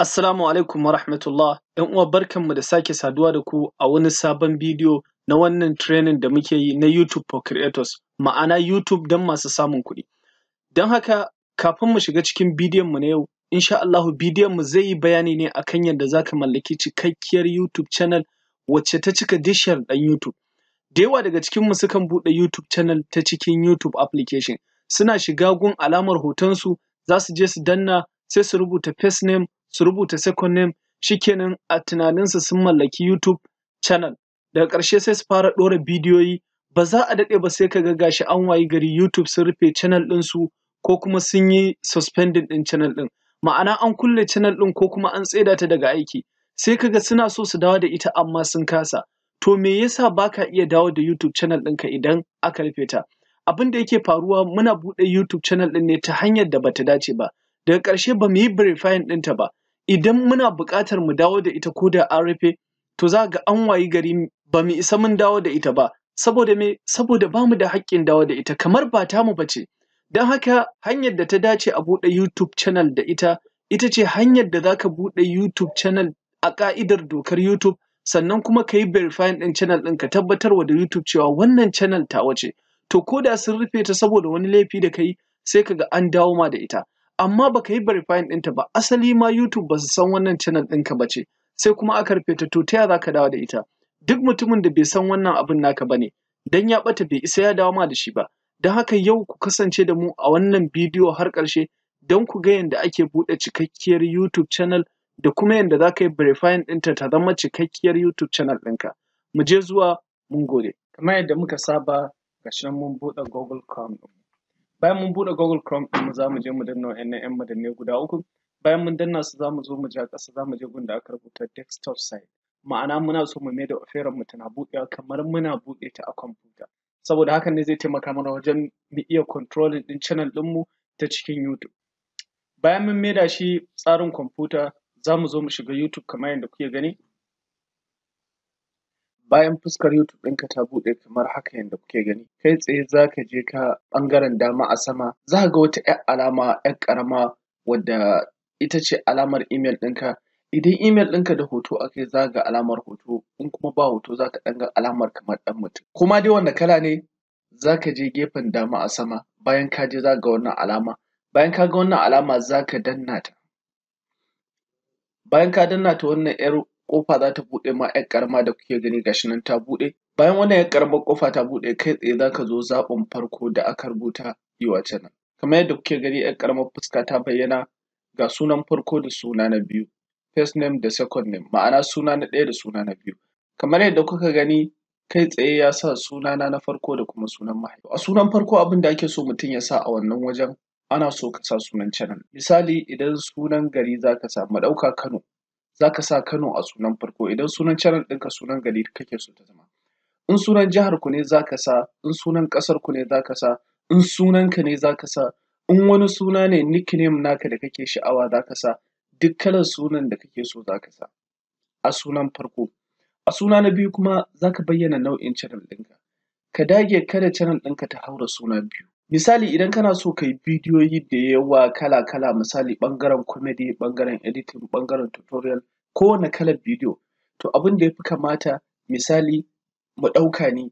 Assalamu alaikum warahmatullah ‘yan uwa barkanmu da sake saduwa da ku a wani sabon bidiyo na wannan training da muke yi na YouTube for creators ma'ana YouTube don masu samun kuɗi. Don haka kafin mu shiga cikin bidiyon mu na yau insha Allahu bidiyon mu zai yi bayani ne akan yadda za ka mallaki cikakkiyar YouTube channel wacce ta cika dishiyar ɗan YouTube. Da yawa daga cikin mu sukan buɗe YouTube channel ta cikin YouTube application suna shiga gun alamar hotonsu za su je su danna sai su rubuta face name su rubuta second name shikenan a tunaninsu sun mallaki YouTube channel daga ƙarshe sai su fara ɗora bidiyoyi ba za a daɗe ba sai ka ga gashi an wayi gari YouTube sun rufe channel ɗinsu ko kuma sun yi suspending ɗin channel ɗin ma'ana an kulle channel ɗin ko kuma an tsaida ta daga aiki sai ka ga suna so su dawo da ita amma sun kasa to me yasa baka iya dawo da YouTube channel ɗinka idan aka rufe ta abin da yake faruwa muna buɗe YouTube channel ɗin ne ta hanyar da bata dace ba daga ƙarshe ba mu yi verifying ɗinta ba idan muna buƙatar mu dawo da ita ko da an rufe to za ga an wayi gari ba mu isa mun dawo da ita ba saboda me saboda ba mu da haƙƙin dawo da ita kamar ba ta ba ce don haka hanyar da ta dace a buɗe YouTube channel da ita ita ce hanyar da za ka buɗe YouTube channel a ƙa'idar dokar YouTube sannan kuma ka yi verifying ɗin channel ɗin ka wa da YouTube cewa wannan channel ta wace to ko da sun rufe ta saboda wani laifi da ka yi sai ka ga an dawo ma da ita amma baka yi verifying ɗinta ba asali ma YouTube ba su san wannan channel ɗinka ba ce sai kuma aka rufe ta to ta za ka dawo da ita duk mutumin da bai san wannan abin naka ba ne dan ya ɓata bai isa ya dawo ma da shi ba don haka yau ku kasance da mu a wannan bidiyo har ƙarshe don ku ga yadda ake buɗe cikakkiyar YouTube channel da kuma yadda za ka yi verifying ɗinta ta zama cikakkiyar YouTube channel ɗinka mu je zuwa mun gode kamar yadda muka saba gashi nan mun buɗe Google Chrome bayan mun buɗe google chrome ɗin mu mu je mu danna wa'annan yan madannin guda uku bayan mun danna su za mu zo mu ja ƙasa mu je gun da aka rubuta desktop site ma'ana muna so mu maida operan mu tana buɗewa kamar muna buɗe ta a computer saboda hakan ne zai taimaka mana wajen mu iya controlling ɗin channel ɗin mu ta cikin youtube bayan mun maida shi tsarin kwamfuta mu zo mu shiga youtube kamar yadda kuke gani bayan fuskar youtube ɗinka ta buɗe kamar haka yadda kuke gani kai tsaye zaka je ka ɓangaren dama a sama zaka ga wata ƴar alama ƴar ƙarama wadda ita ce alamar email ɗinka idan email ɗinka da hoto akai zaka ga alamar hoto in kuma ba hoto zaka ɗan ga alamar kamar ɗan mutum Kuma dai wanne kala ne zaka je gefen dama a sama bayan ka je zaka ga wannan alama bayan ka ga wannan alama zaka danna ta bayan ka danna ta wannan ƴar kofa za ta buɗe ma ‘yar ƙarama da kuke gani shi nan ta buɗe bayan wannan ‘yar ƙaramar ƙofa ta buɗe kai tsaye za ka zo zaɓin farko da aka rubuta yiwa channel kamar yadda kuke gani ‘yar ƙaramar fuska ta bayyana ga sunan farko da suna na biyu first name da second name ma'ana suna na ɗaya da suna na biyu kamar yadda kuka gani kai tsaye ya sa sunana na farko da kuma sunan mahaifa a sunan farko abin da ake so mutum ya sa a wannan wajen ana so ka sa sunan channel misali idan sunan gari za ka sa mu ɗauka Kano za ka sa Kano a sunan farko idan sunan channel ɗinka sunan gari kake so ta zama. In sunan jihar ku ne za ka sa, in sunan ƙasar ku ne za ka sa, in sunan ka ne za ka sa, in wani suna ne nickname naka da kake sha'awa za ka sa, duk kalar sunan da kake so za ka sa a sunan farko. A suna na biyu kuma za ka bayyana nau'in channel ɗinka. Ka dage kada channel ɗinka ta haura suna biyu. Misali idan kana so ka yi bidiyoyi da yawa kala-kala misali ɓangaren comedy, ɓangaren editing, ɓangaren tutorial, kowane kalar bidiyo, to abin da ya fi kamata misali mu ɗauka ni,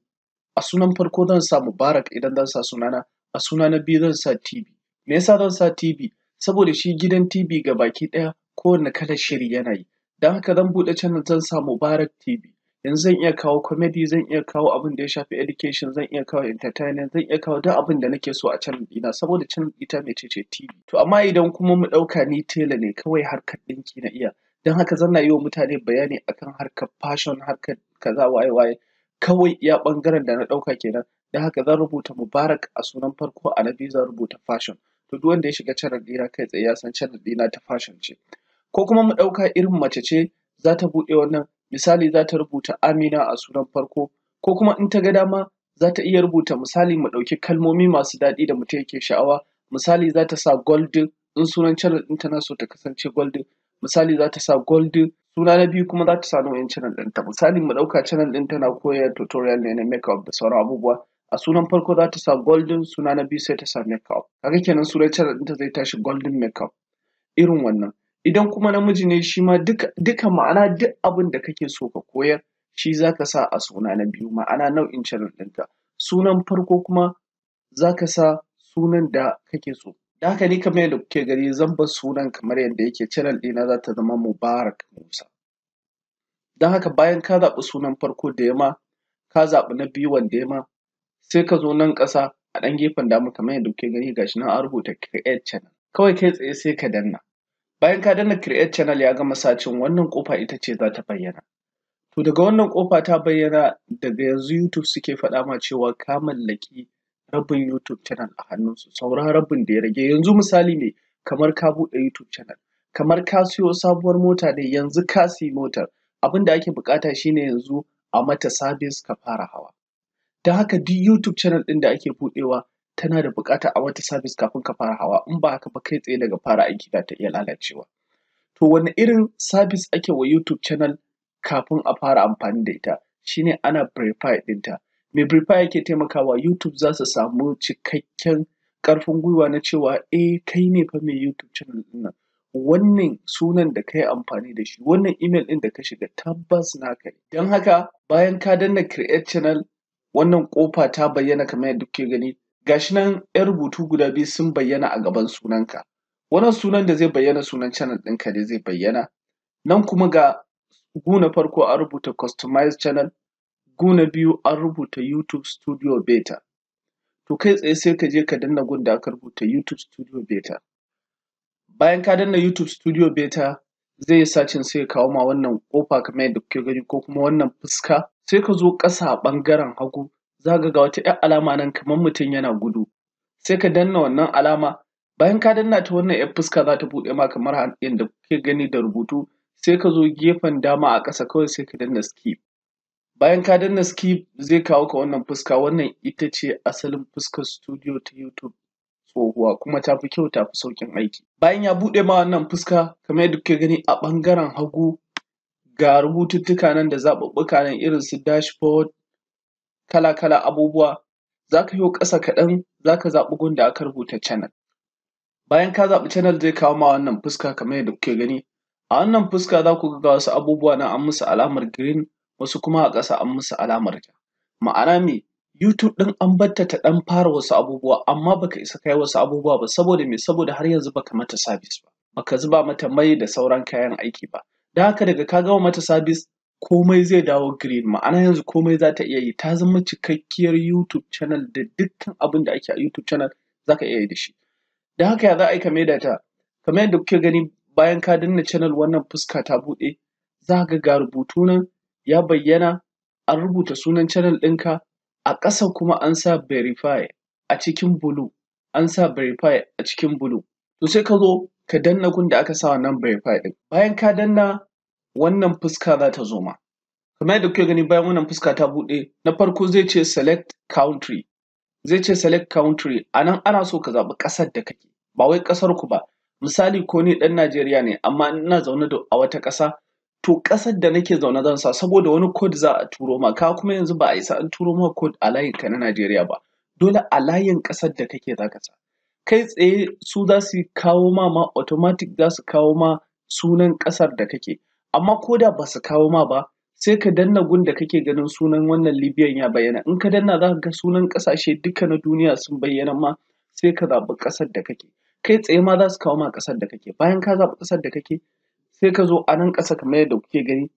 a sunan farko zan sa Mubarak idan zan sa sunana, a suna na biyu zan sa TV. Me yasa zan sa TV? Saboda shi gidan TV baki ɗaya kowane kalar shiri yana yi. Don haka zan buɗe channel zan sa Mubarak TV. in zan iya kawo comedy zan iya kawo abin da ya shafi education zan iya kawo entertainment zan iya kawo duk abin da nake so a channel ɗina saboda channel ita mai ce TV to amma idan kuma mu ɗauka ni tela ne kawai harkar ɗinki na iya don haka zan na yi wa mutane bayani akan harkar fashion harkar kaza waye waye kawai iya ɓangaren da na ɗauka kenan don haka zan rubuta mubarak a sunan farko a na biyu zan rubuta fashion to duk wanda ya shiga channel ɗina kai tsaye ya san channel ɗina ta fashion ce ko kuma mu ɗauka irin mace ce za ta buɗe wannan misali za ta rubuta Amina a sunan farko ko kuma in ta ga dama za ta iya rubuta misali mu ɗauki kalmomi masu daɗi da mutum yake sha'awa misali za ta sa goldin in sunan channel ɗin tana so ta kasance goldin misali za ta sa golden suna na biyu kuma za ta sa nau'in channel ɗin ta misali mu ɗauka channel ɗin tana koyar tutorial ne na makeup da sauran abubuwa a sunan farko za ta sa golden suna na biyu sai ta sa makeup kaga kenan sunan channel ɗin zai tashi golden makeup irin wannan idan kuma namiji ne shi ma duka ma'ana duk abin da kake so ka koyar shi za ka sa a suna na biyu ma'ana nau'in channel ɗinka sunan farko kuma za ka sa sunan da kake so da haka ni kamar yadda kuke gani zan bar sunan kamar yadda yake channel ɗina za ta zama mubarak musa don haka bayan ka zaɓi sunan farko da yama ka zaɓi na biyu wanda yama sai ka zo nan ƙasa a ɗan gefen dama kamar yadda kuke gani gashi nan an rubuta create channel kawai kai tsaye sai ka danna bayan ka danna create channel ya gama sacin wannan kofa ita ce za ta bayyana to daga wannan kofa ta bayyana daga yanzu youtube suke faɗa ma cewa ka mallaki rabin youtube channel a hannunsu saura rabin da ya rage yanzu misali ne kamar ka buɗe youtube channel kamar ka siyo sabuwar mota ne yanzu ka siyi motar abin da ake buƙata shine yanzu a mata service ka fara hawa don haka duk youtube channel ɗin da ake buɗewa tana da buƙatar a wata sabis kafin ka fara hawa in ba haka ba kai tsaye daga fara aiki za ta iya lalacewa to wani irin sabis ake wa YouTube channel kafin a fara amfani da ita shine ana verify ɗinta me verify yake taimakawa YouTube za su samu cikakken ƙarfin gwiwa na cewa eh kai ne fa mai YouTube channel ɗin nan wannan sunan da ka yi amfani da shi wannan email ɗin da ka shiga tabbas na kai. don haka bayan ka danna create channel wannan ƙofa ta bayyana kamar yadda kuke gani gashi nan ‘yan rubutu guda biyu sun bayyana a gaban sunanka. Wannan sunan da zai bayyana sunan channel ɗinka ne zai bayyana. Nan kuma ga gu na farko an rubuta customize channel, gu na biyu an rubuta YouTube Studio Beta. To kai tsaye sai ka je ka danna gun da aka rubuta YouTube Studio Beta. Bayan ka danna YouTube Studio Beta zai yi sacin sai ya kawo ma wannan ƙofa kamar yadda kuke gani ko kuma wannan fuska sai ka zo ƙasa a ɓangaren hagu za ka ga wata ‘yar alama nan kamar mutum yana gudu sai ka danna wannan alama bayan ka danna ta wannan ‘yar fuska za ta buɗe ma kamar yadda kuke gani da rubutu sai ka zo gefen dama a ƙasa kawai sai ka danna skip bayan ka danna skip zai kawo ka wannan fuska wannan ita ce asalin fuskar studio ta YouTube tsohuwa kuma ta fi kyau ta fi sauƙin aiki bayan ya buɗe ma wannan fuska kamar yadda kuke gani a ɓangaren hagu ga rubututtuka nan da zaɓuɓɓuka nan irin su dashboard kala-kala abubuwa za ka yo ƙasa kaɗan za ka zaɓi gun aka rubuta channel bayan ka zaɓi channel zai kawo ma wannan fuska kamar yadda kuke gani a wannan fuska za ku ga wasu abubuwa na an musu alamar green wasu kuma a ƙasa an musu alamar ja ma'ana me YouTube ɗin an batta ta ɗan fara wasu abubuwa amma baka isa kai wasu abubuwa ba saboda me saboda har yanzu baka mata sabis ba baka zuba mata mai da sauran kayan aiki ba da haka daga ka gama mata sabis komai zai dawo green ma'ana yanzu komai za ta iya yi ta zama cikakkiyar YouTube channel da dukkan abin da ake a YouTube channel za ka iya yi da shi da haka ya za a yi ka maida ta kamar yadda kuke gani bayan ka danna channel wannan fuska ta buɗe za ka ga rubutu nan ya bayyana an rubuta sunan channel ɗinka a ƙasa kuma an sa verify a cikin blue an sa verify a cikin bulu. to sai ka zo ka danna gun da aka sa wannan verify ɗin bayan ka danna wannan fuska za ta zo ma kamar yadda kuke gani bayan wannan fuska ta buɗe na farko zai ce select country zai ce select country a nan ana so ka zaɓi ƙasar da kake ba wai ƙasarku ba misali ko ni ɗan Najeriya ne amma ina zaune da a wata ƙasa to ƙasar da nake zaune zan sa saboda wani code za a turo ma ka kuma yanzu ba a isa an turo ma code a layinka na Najeriya ba dole a layin ƙasar da kake za ka sa kai tsaye su za su kawo ma ma automatic za su kawo ma sunan ƙasar da kake amma ko da ba su kawo ma ba sai ka danna gun da kake ganin sunan wannan libyan ya bayyana in ka danna za ka ga sunan ƙasashe duka na duniya sun bayyana ma sai ka zaɓi ƙasar da kake kai tsaye ma za su kawo ma ƙasar da kake bayan ka zaɓi ƙasar da kake sai ka zo a nan ƙasa kamar yadda kuke gani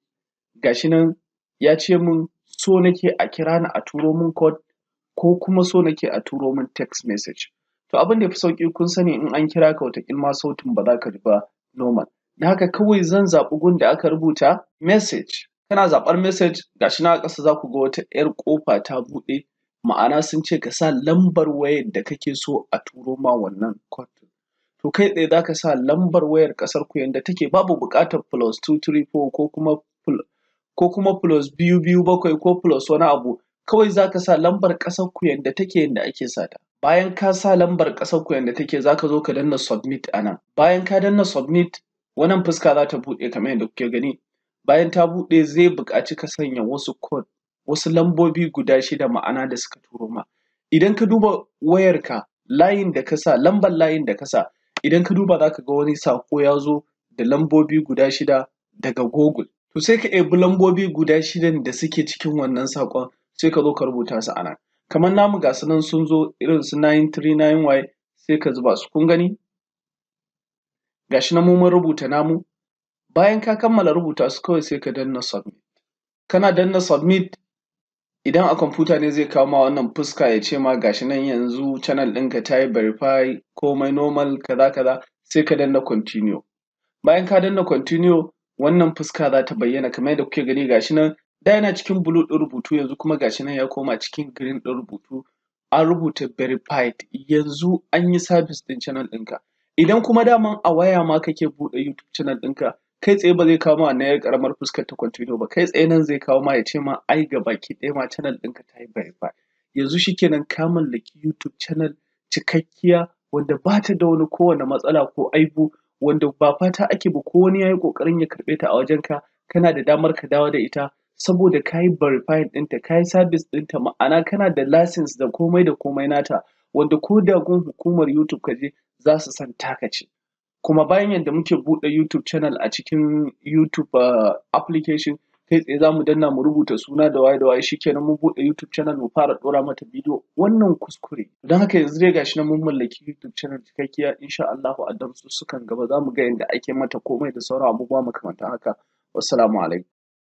gashi nan ya ce min so nake a kira ni a turo min code ko kuma so nake a turo min text message to abin da ya fi sauƙi kun sani in an kira ka wataƙil ma sautin ba za ka ji ba normal Da haka kawai zan zaɓi gun da aka rubuta message. Kana zaɓar message shi na ƙasa za ku ga wata 'yar ƙofa ta buɗe ma'ana sun ce ka sa lambar wayar da kake so a turo ma wannan code To kai tsaye za ka sa lambar wayar ƙasar ku yanda take babu buƙatar plus two three four ko kuma ko kuma plus biyu biyu bakwai ko plus wani abu kawai za ka sa lambar ƙasar ku yanda take yanda ake sata. Bayan ka sa lambar ƙasar ku yanda take za ka zo ka danna submit a nan. Bayan ka danna submit wannan fuska za ta buɗe kamar yadda kuke gani bayan ta buɗe zai buƙaci ka sanya wasu code wasu lambobi guda shida ma'ana da suka turo ma idan ka duba wayarka layin da ka sa lambar layin da ka sa idan ka duba za ka ga wani sako ya zo da lambobi guda shida daga google to sai ka ɗebi lambobi guda shidan da suke cikin wannan saƙon, sai ka zo ka rubuta su a nan kamar namu ga su nan sun zo irin su 939y sai ka zuba su kun gani gashi nan mu mun rubuta namu bayan ka kammala rubuta su kawai sai ka danna submit kana danna submit idan a kwamfuta ne zai kawo ma wannan fuska ya ce ma gashi nan yanzu channel ɗinka ta yi verify komai normal kaza kaza sai ka danna continue bayan ka danna continue wannan fuska za ta bayyana kamar yadda kuke gani gashi nan da yana cikin blue ɗin rubutu yanzu kuma gashi nan ya koma cikin green ɗin rubutu an rubuta verified yanzu an yi service ɗin channel ɗinka Idan kuma daman a waya ma kake buɗe YouTube channel ɗinka, kai tsaye ba zai kawo ma wannan 'yar ƙaramar fuskar ta continue ba, kai tsaye nan zai kawo ma ya ce ma ai gaba ki ɗaya ma channel ɗinka ta yi verified. Yanzu shi kenan ka mallaki YouTube channel cikakkiya wanda ba ta da wani kowane matsala ko aibu wanda ba fata ake ba ko wani ya yi ƙoƙarin ya karɓe ta a wajenka kana da damar ka dawo da ita saboda ka yi verifying ɗinta, ka yi service ɗinta ma'ana kana da license da komai da komai nata. wanda ko da gun hukumar YouTube ka je za su san taka ce. Kuma bayan yadda muke buɗe YouTube channel a cikin YouTube uh, application kai tsaye za mu danna mu rubuta suna da waye da waye shikenan mun buɗe YouTube channel mu fara ɗora mata bidiyo wannan kuskure. Don haka yanzu dai gashi na mun mallaki YouTube channel cikakkiya insha Allah a damsu gaba za mu ga yadda ake mata komai da sauran abubuwa makamantan haka. Wassalamu alaikum.